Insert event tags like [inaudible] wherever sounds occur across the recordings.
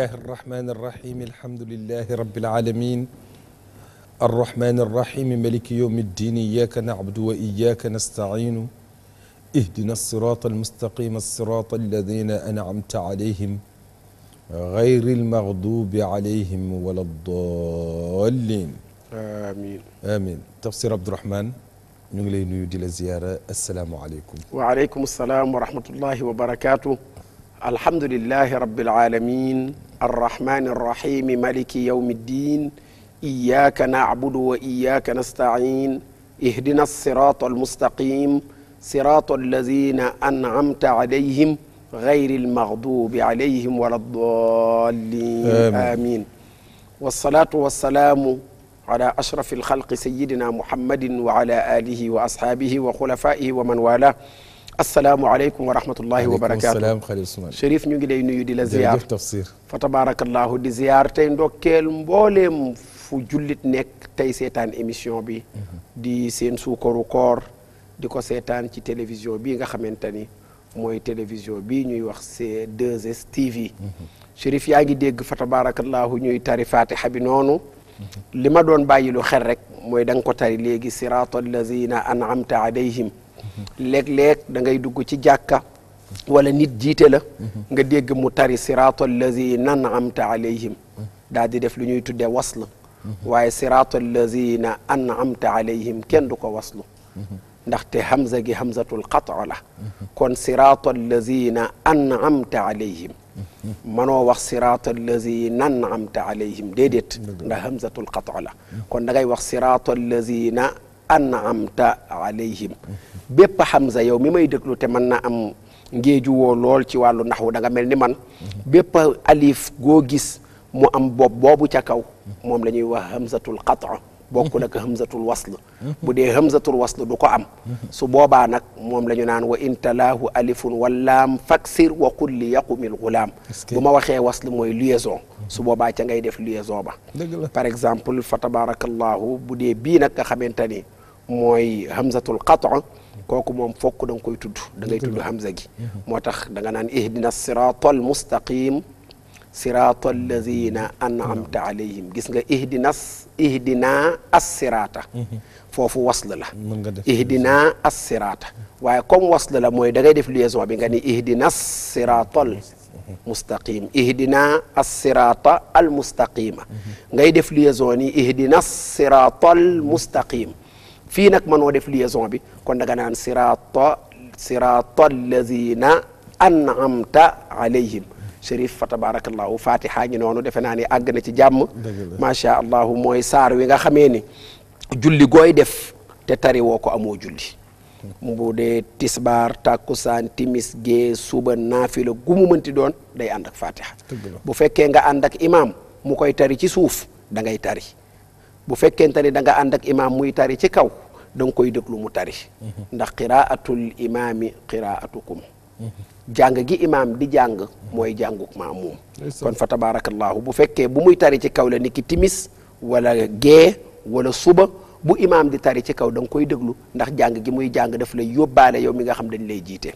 الله الرحمن الرحيم الحمد لله رب العالمين الرحمن الرحيم ملك يوم الدين إياك نعبد وإياك نستعين اهدنا الصراط المستقيم الصراط الذين أنعمت عليهم غير المغضوب عليهم ولا الضالين amiin amiin tafsir Abdourahmane ñu ngi lay nuyu di la ziyaara asalaamualeykum. waaleykum salaam wa rahmatullahi wa barakaatu. alhamdulilahi rabbil aalamiin. arrahmani arrahimi maliki yawmi ddin iyyaka na'budu wa iyyaka nasta'in ihdina as-sirata al-mustaqim sirata allazina an'amta alayhim غير المغضوب عليهم ولا الضالين آمين, آمين. والصلاة والسلام على أشرف الخلق سيدنا محمد وعلى آله وأصحابه وخلفائه ومن والاه asalaamualeykum wa rahmatullahi wa barakaatu Chérif ñu ngi lay nuyu di la ziyaar fa tabaarakallahu di ziyaar tey ndokkeel mbooleem fu jullit nekk tey seetaan émission bi mhm. di seen suukaru koor di ko seetaan ci télévision bii nga xamante ni mooy télévision bii ñuy wax C2S TV mhm. Chérif yaa ngi dégg fa tabaarakallahu ñuy tari fatiha bi noonu mhm. li ma doon bàyyi xel rek mooy dang ko tari léegi siraata allazina an'amta alayhim léeg-léeg da ngay dugg ci jàkka wala nit jiite la nga dégg mu tari siraata allazina an'amta alayhim daal di def lu ñuy tuddee wasl waaye siraata allazina an'amta alayhim kenn du ko waslu ndaxte hamza gi hamzatul qat'a la kon siraata an an'amta alayhim manoo wax siraata allazina an'amta alayhim déedéet ndax hamzatul qat'a la kon da ngay wax siraata allazina am an'amta alayhim bépp hamza yow mi may déglu te man na am ngéeju woo lool ci wàllu naxwu da nga mel ni man bépp alif goo gis mu am bob boobu ca kaw moom la ñuy wax hamzatul qat'a bokkul ak hamzatul wasl bu dee hamzatul wasl du ko am su boobaa nag moom la ñu naan wa inta intalaahu alifun wallaam faksir wa qul li yaqumil gulaam bu ma waxee wasl mooy liaison su boobaa ca ngay def liaison ba par exemple fa tabarakallahu bu dee bii nag nga xamante ni mooy hamzatul qat'a kooku moom fokk da nga da ngay tudd hamza gi moo tax da nga naan ihdina siratal mustaqim siratal lazina an'amta alayhim gis nga ihdina ihdina as-sirata mhm. foofu wasl la ihdina as-sirata waaye comme wasl la mooy da ngay def liaison bi nga ni ihdina siratal mhm. mustaqim ihdina as-sirata al mustaqima mhm. ngay def liaison yi ihdina siratal mustaqim fii nag mënoo def liaison bi kon daga naan sirata sirata allazina an'amta alayhim Chérif fa tabarakallahu fatiha ngi noonu defe naa ni àgg na ci jàmm macha allah mooy saar wi nga xamee ni julli gooy def te tari woo ko amoo julli bu dee tisbaar takkusaan timis gee suba naafila gu mu mënti doon day ànd ak fatiha bu fekkee nga ànd ak imaam mu koy tari ci suuf da ngay tari bu fekkente ni da nga ànd ak imaam muy tari ci kaw da nga koy déglu mu tari mhm. ndax qiraatul imaami qiraatukum mhm. jàng gi imaam di jàng mooy jànguk maamuum kon fa tabaarakallaahu bu fekkee bu muy tari ci kaw la ni ki timis wala gee wala suba bu imaam di tari ci kaw da koy déglu ndax jàng gi muy jàng def lay yóbbaale yow mi nga xam dañ lay jiite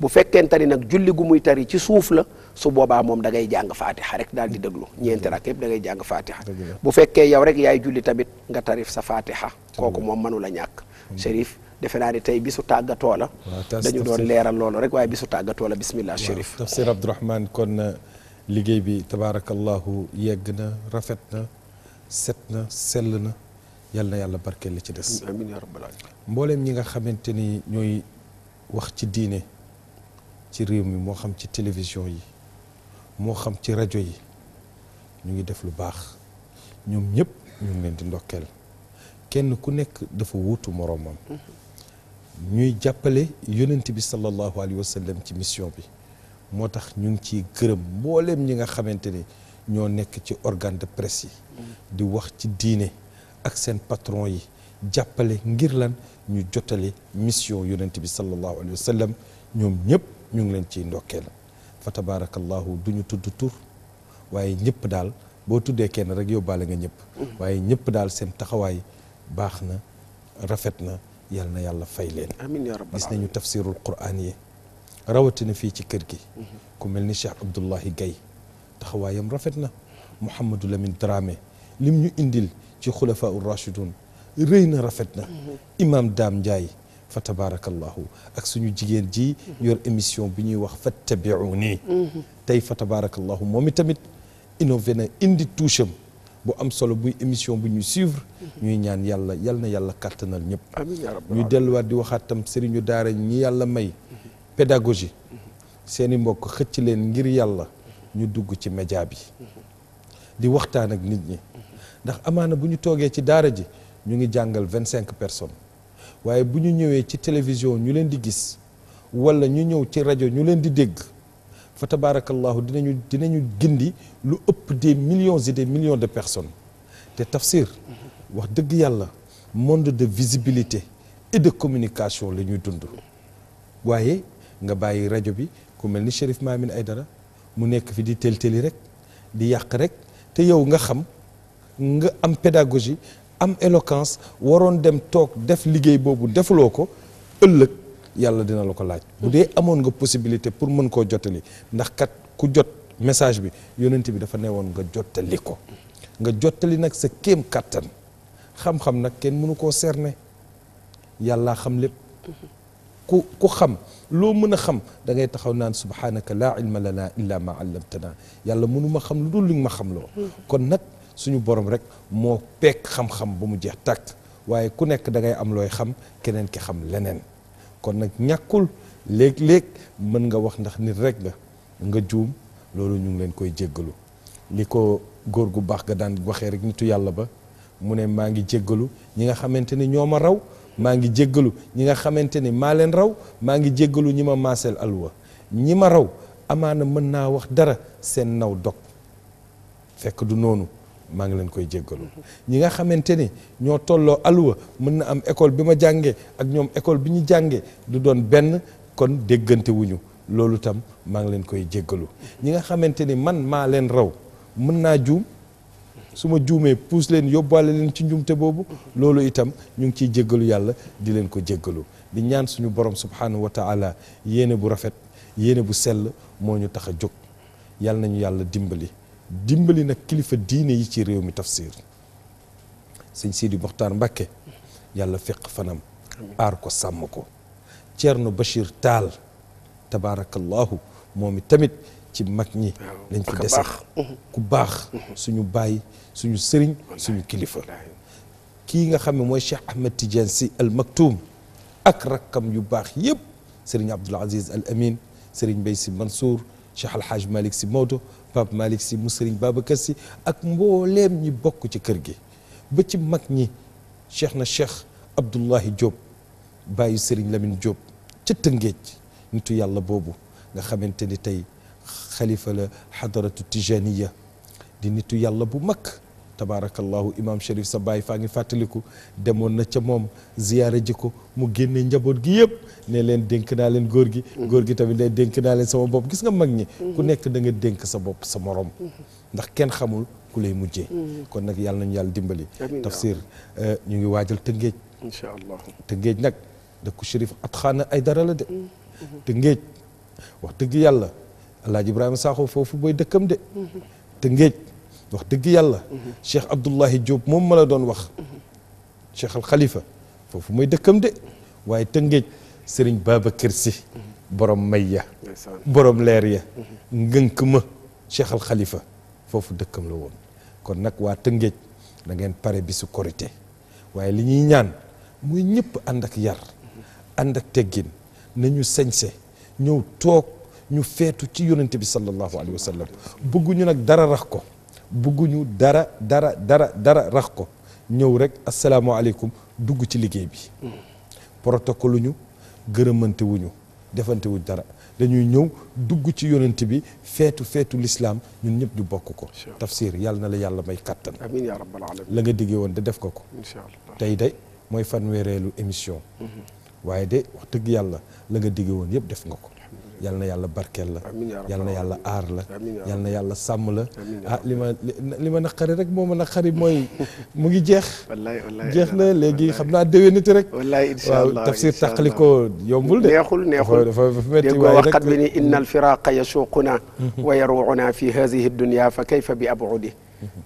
bu fekkente ni nag julli gu muy tari ci suuf la su boobaa moom da ngay jàng faatixa rek daal di déglu ñeenti rak yëpp da ngay jàng faatixa bu fekkee yow rek yaay julli tamit nga tarif sa faatixa kooku moom mënu la ñàkk Chérif defe naa ne tey bisu tàggatoo la dañu doon leeral loolu rek waaye bisu tàggatoo la bismillah Chérif tafsir Abdourahmane kon liggéey bi tabarakallahu yegg na rafet na set na na yal na yàlla barkeel la ci des amiin yaa mbooleem ñi nga xamante ni ñooy wax ci diine ci réew mi moo xam ci télévision yi moo xam ci rajo yi ñu ngi def lu baax ñoom ñëpp ñu ngi leen di ndokkeel kenn ku nekk dafa wuutu moroomam ñuy jàppale yonent bi sallallahu alayhi wa ci mission bi moo tax ñu ngi ciy gërëm mbooleem ñi nga xamante ni ñoo nekk ci organe de presse yi mm. di wax ci diine ak seen patron yi jàppale ngir lan ñu jotale mission yonent bi sallallahu alayhi wa ñoom ñëpp ñu ngi leen ciy ndokkeel fa tabaarakallahu du ñu tudd tur waaye ñëpp daal boo tuddee kenn rek yóbbaale nga ñëpp waaye ñëpp daal seen taxawaay baax na rafet na yal na yàlla fay leen amiin yaa rabbal gis nañu tafsirul quraan yi rawatina fii ci kër gi mhm. ku mel ni Cheikh Abdullahi Gaye taxawaayam rafet na Mouhamadou Lamine Dramé lim ñu indil ci xulafaa ur rachidun rëy na rafet na mm-hmm. imam Dame Ndiaye fa tabarakallahu ak suñu jigéen ji mm-hmm. yor émission bi ñuy wax fa fattabiuni mm-hmm. tey fa tabarakallahu moom itamit innové na indi touche bu am solo buy émission bu ñu suivre ñuy ñaan yàlla yal na yàlla kàttanal ñëpp ñuy delluwaat di waxaat tam sëriñu daara ñi yàlla may pédagogie seeni mbokk xëcc leen ngir yàlla ñu dugg ci média bi di waxtaan ak nit ñi ndax amaana bu ñu toogee ci daara ji ñu ngi jàngal vingt cinq personnes waaye bu ñu ñëwee ci télévision ñu leen di gis wala ñu ñëw ci rajo ñu leen di dégg fa tabaarakallahu dinañu dinañu gindi lu ëpp des millions et des millions de personnes te tafsir wax dëgg yàlla monde de visibilité et de communication la ñuy dund waaye nga bàyyi rajo bi ku mel ni Chérif ay dara mu nekk fi di teel teeli rek di yàq rek te yow nga xam nga am pédagogie am éloquence waroon dem toog def liggéey boobu defuloo ko ëllëg yàlla dina la ko laaj bu dee amoon nga possibilité pour mën koo jottali ndax kat ku jot message bi yonent bi dafa newoon nga jottali ko nga jottali nag sa kéem kàttan xam-xam nag kenn mënu koo cerner yàllaa xam lépp ku ku xam loo mën a xam dangay taxaw naan subhaanaka laa ilma lana illa ma allamtana yàlla mënuma xam lu dul li nga ma xam loo kon nag suñu borom rek moo peek xam-xam ba mu jeex tàkk waaye ku nekk da ngay am looy xam keneen ki xam leneen kon nag ñàkkul léeg-léeg mën nga wax ndax nit rek nga nga juum loolu ñu ngi leen koy jéggalu li ko góor gu baax ga daan waxee rek nitu yàlla ba mu ne maa ngi jéggalu ñi nga xamante ni ñoo ma raw maa ngi jéggalu ñi nga xamante ni maa leen raw maa ngi jéggalu ñi ma maaseel alwa ñi ma raw amaana mën naa wax dara seen naw dog fekk du noonu maa ngi leen koy jéggalu ñi nga xamante ni ñoo tolloo alwa mën na am école bi ma jàngee ak ñoom école bi ñu jàngee du doon benn kon déggante loolu tam maa ngi leen koy jéggalu ñi nga xamante ni man maa leen raw mën naa juum su ma juumee puus leen yóbbaale leen ci njumte boobu loolu itam ñu ngi ciy jéggalu yàlla di leen ko jéggalu di ñaan suñu borom subhanahu wa taala yéene bu rafet yéene bu sell moo ñu tax a jóg yàlla nañu yàlla dimbali dimbali nag kilifa diine yi ci réew mi tafsir sëñ Sidi Mokhtar mbakke yàlla feq fanam aar ko sàmm ko na Bachir taal tabaarakallahu moom i tamit ci mag ñi lañ fi dese ku baax suñu baay suñu sëriñ suñu kilifa kii nga xam ne mooy Cheikh Ahmed Tidiane Sy Al ak rakkam yu baax yëpp sëriñ Abdoul Aziz Al Amin sëriñ Mbaye Sy Mansour Cheikh Al Hadj Malick Sy Maodo Pape mu sëriñ Babacar Sy ak mbooleem ñi bokk ci kër gi ba ci mag ñi cheikh na cheikh Abdullahi Diop bàyyi sëriñ Lamine Diop ca Tëngéej nitu yàlla boobu nga xamante ni tey xalifa la xadaratu tijaniya di nitu yàlla bu mag tabaarakallahu imam Cherif sa baay faa ngi fàttaliku demoon na ca moom ziyaara ji ko mu génne njaboot gi yëpp ne leen dénk naa leen góor gi mm-hmm. góor gi tamit ne dénk naa leen sama bopp gis nga mag ñi mm-hmm. ku nekk da nga dénk sa bopp sa morom mm-hmm. ndax kenn xamul ku lay mujjee kon nag yàlla nañu yàlla dimbali tafsir euh, ñu ngi waajal tëngéej incha allah tëngéej nag dëkku Cherif at xaana ay dara la de tëngéej wax dëgg yàlla alaaji ibrahima saaxo foofu booy dëkkam de te ngéej wax dëgg yàlla cheikh abdoulahi jóob moom ma la doon wax cheikh xalifa foofu mooy dëkkam de waaye tëngéej ngéej sëriñ Babacar Sy borom may ya borom leer ya ngënk ma cheikh xalifa foofu dëkkam la woon kon nag waa Tëngéej da ngeen pare bisu korite waaye li ñuy ñaan muy ñëpp ànd ak yar ànd ak teggin nañu sañse ñëw toog ñu feetu ci yonente bi sallallahu alayhi wa sallam bëgguñu nag dara rax ko bëgguñu dara dara dara dara rax ko ñëw rek asalaamaaleykum dugg ci liggéey bi protocole ñu gërëmante wuñu defante dara dañuy ñëw dugg ci yonent bi feetu feetu lislaam ñun ñëpp ñu bokk ko tafsir yàlla na la yàlla may kàttan amiin yaa rabbal alamin la nga diggee woon de def ko ko tey de mooy fanweereelu émission mm-hmm. waaye de wax dëgg yàlla la nga diggee woon yëpp def nga ko yal na yàlla barkeel la yal na yàlla aar la yal na yàlla sàmm la ah, li ma li naqari rek moo ma naqari mooy [laughs] mu ngi jeex jeex na léegi xam naa déwéniti rek waaw tafsir taqali ko yombul de neexul neexul dafa metti waaye waxat bi [laughs] fa kayfa bi abudi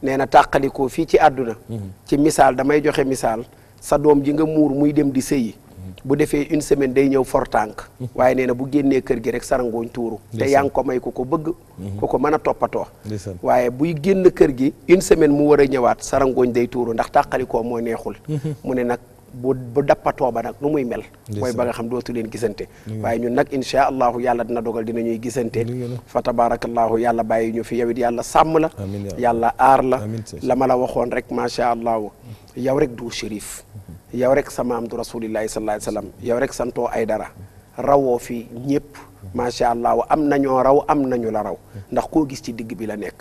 nee na tàqalikoo fii ci àdduna [laughs] ci misaal damay joxe misaal sa doom ji nga muur muy dem di sëyi bu defee une semaine day ñëw for tànk mm-hmm. waaye nee na bu génnee kër gi rek sarangooñ tuuru te yaa ngi may ku ko bëgg mm-hmm. ku ko mën a toppatoo waaye buy génn kër gi une semaine mu war a ñëwaat sarangooñ day tuuru ndax tàqalikoo moo neexul mm-hmm. mu ne nag bu bu dappatoo ba nag nu muy mel mooy ba nga xam dootu leen gisante waaye ñun nag inchaa allah yàlla dina dogal dina ñuy gisante fa tabarakallahu yàlla bàyyi ñu fi yawit yàlla sàmm la yàlla aar la la ma la waxoon rek macha allahu mm-hmm. yow rek du shérif yow rek sama am du rasulillahi sallallahu alayhi wa yow rek santoo ay dara rawoo fi ñëpp macha allah am nañoo raw am nañu la raw ndax koo gis ci digg bi la nekk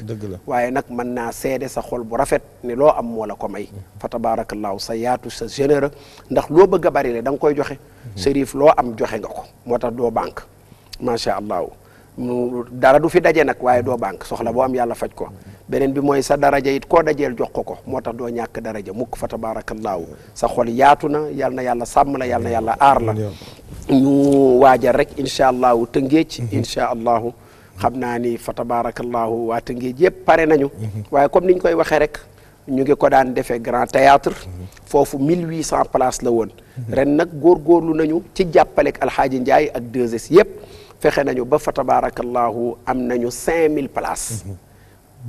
waaye nag mën naa seede sa xol bu rafet ni loo am moo la ko may fa tabaarakallaahu sa yaatu sa généreux ndax loo bëgg a bari le da nga koy joxe sërif loo am joxe nga ko moo tax doo banque macha allah mu dara du fi daje nag waaye doo banque soxla boo am yàlla faj ko beneen bi mooy sa daraja it koo dajeel jox ko ko moo tax doo ñàkk daraja mukk fa tabaarakallaahu sa xol yaatu na yàlla na yàlla sàmm la yàlla yàlla aar la ñu waajar rek incha allahu tëngeej mhm. incha allahu xam naa ni fa tabaarakallaahu waa tëngeej yëpp pare nañu mhm. waaye comme ni ñu koy waxee rek ñu ngi ko daan defee grand théâtre mhm. foofu 1800 place la woon ren nag góorgóorlu nañu ci jàppalek alxaaji Ndiaye ak 2 yëpp fexe nañu ba fa tabaarakallaahu am nañu cinq mille places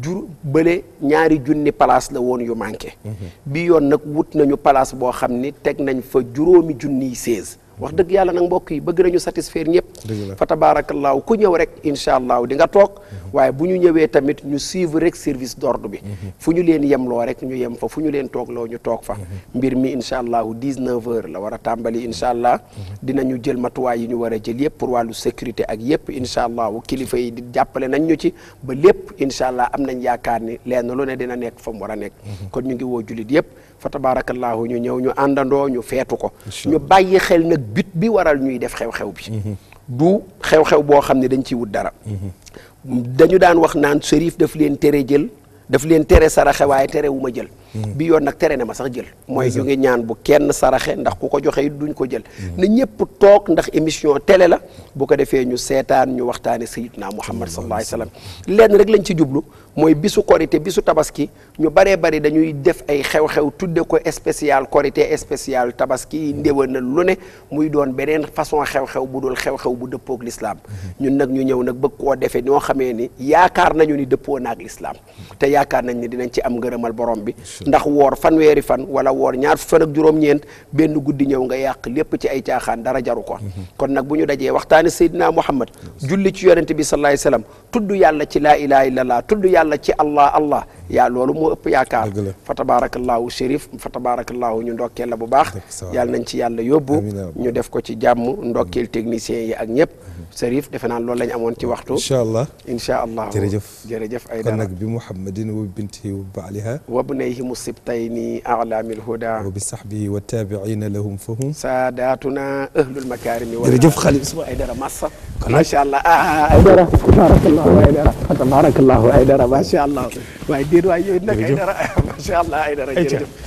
jur bële ñaari junni place la woon yu manqué mhm. bi yoon nag wut nañu place boo xam ni teg nañ fa juróomi junniy seize wax dëgg yàlla nag mbokk yi bëgg nañu satisfaire ñëpp fa tabaarakallaahu ku ñëw rek incha allah di nga toog mhm. waaye bu ñu ñëwee tamit ñu suivre rek service dord bi mhm. fu ñu leen yem loo rek ñu yem fa fu ñu leen toog loo ñu toog fa mhm. mbir mi incha allahu 19 heures la war a tàmbali incha allah dinañu jël matuwaay yi ñu war a jël yëpp pour wàllu sécurité ak yëpp incha allahu kilifa yi di jàppale nañ ñu ci ba lépp incha allah am nañ yaakaar ni leen lu ne dina nekk fa war a nekk kon ñu ngi woo jullit yëpp fa tabaarakallaahu ñu ñëw ñu àndandoo ñu feetu ko ñu bàyyi xel nag bit bi waral ñuy def xew-xew bi mhm. du xew-xew boo xam ne dañ ciy wut dara mhm. dañu daan wax naan sërif daf leen tere jël daf leen tere saraxe waaye tere wu jël bi yoon nag tere ne ma sax jël mooy ñu ngi ñaan bu kenn saraxe ndax ku ko joxee duñ ko jël na ñëpp toog ndax émission télé la bu ko defee ñu seetaan ñu waxtaane sayidna muhammad sallallahu alayhi lenn rek lañ ci jublu mooy bisu korité bisu tabaski ñu baree bari dañuy def ay xew-xew tudde ko spécial korité spécial tabaski ndéwénal lu ne muy doon beneen façon xew-xew bu dul xew-xew bu dëppook lislaam mm-hmm. ñun nag ñu ñëw nag bëgg koo defee ñoo xamee ni yaakaar nañu ni dëppoo naak lislaam te yaakaar nañ ni dinañ ci am ngërëmal borom bi ndax woor fanweeri fan wala woor ñaar fan ak juróom-ñeent benn guddi ñëw nga yàq lépp ci ay caaxaan dara jaru ko mhm. kon nag bu ñu dajee waxtaane Seydina Muhammad julli ci yonente bi sallallahu alayhi wasallam tudd yàlla ci laa ilaha illallah tudd yàlla ci allah allah yaa loolu moo ëpp yaakaar fa tabaarakallaahu shérif fa tabaarakallaahu ñu ndokkeel la bu baax yàlla nañ ci yàlla yóbbu ñu def ko ci jàmm ndokkeel techniciens yi ak ñëpp shérif defe naan loolu lañ amoon ci waxtu incha allah incha allah jërëjëf jërëjëf ay dara kon nag bi muhammadin wa bintihi wa baaliha wa bnayhi musibtayni alaamil huda wa bi sahbihi wa taabiina lahum fahum saadaatuna ahlul makaarimi jërëjëf xalif ay dara massa macha allah ah, ah, ah ay dara tabarakallahu ay dara tabarakallahu ay dara macha allah waaye déet waay yooyu nag ay dara [laughs] macha allah ay dara jërëjëf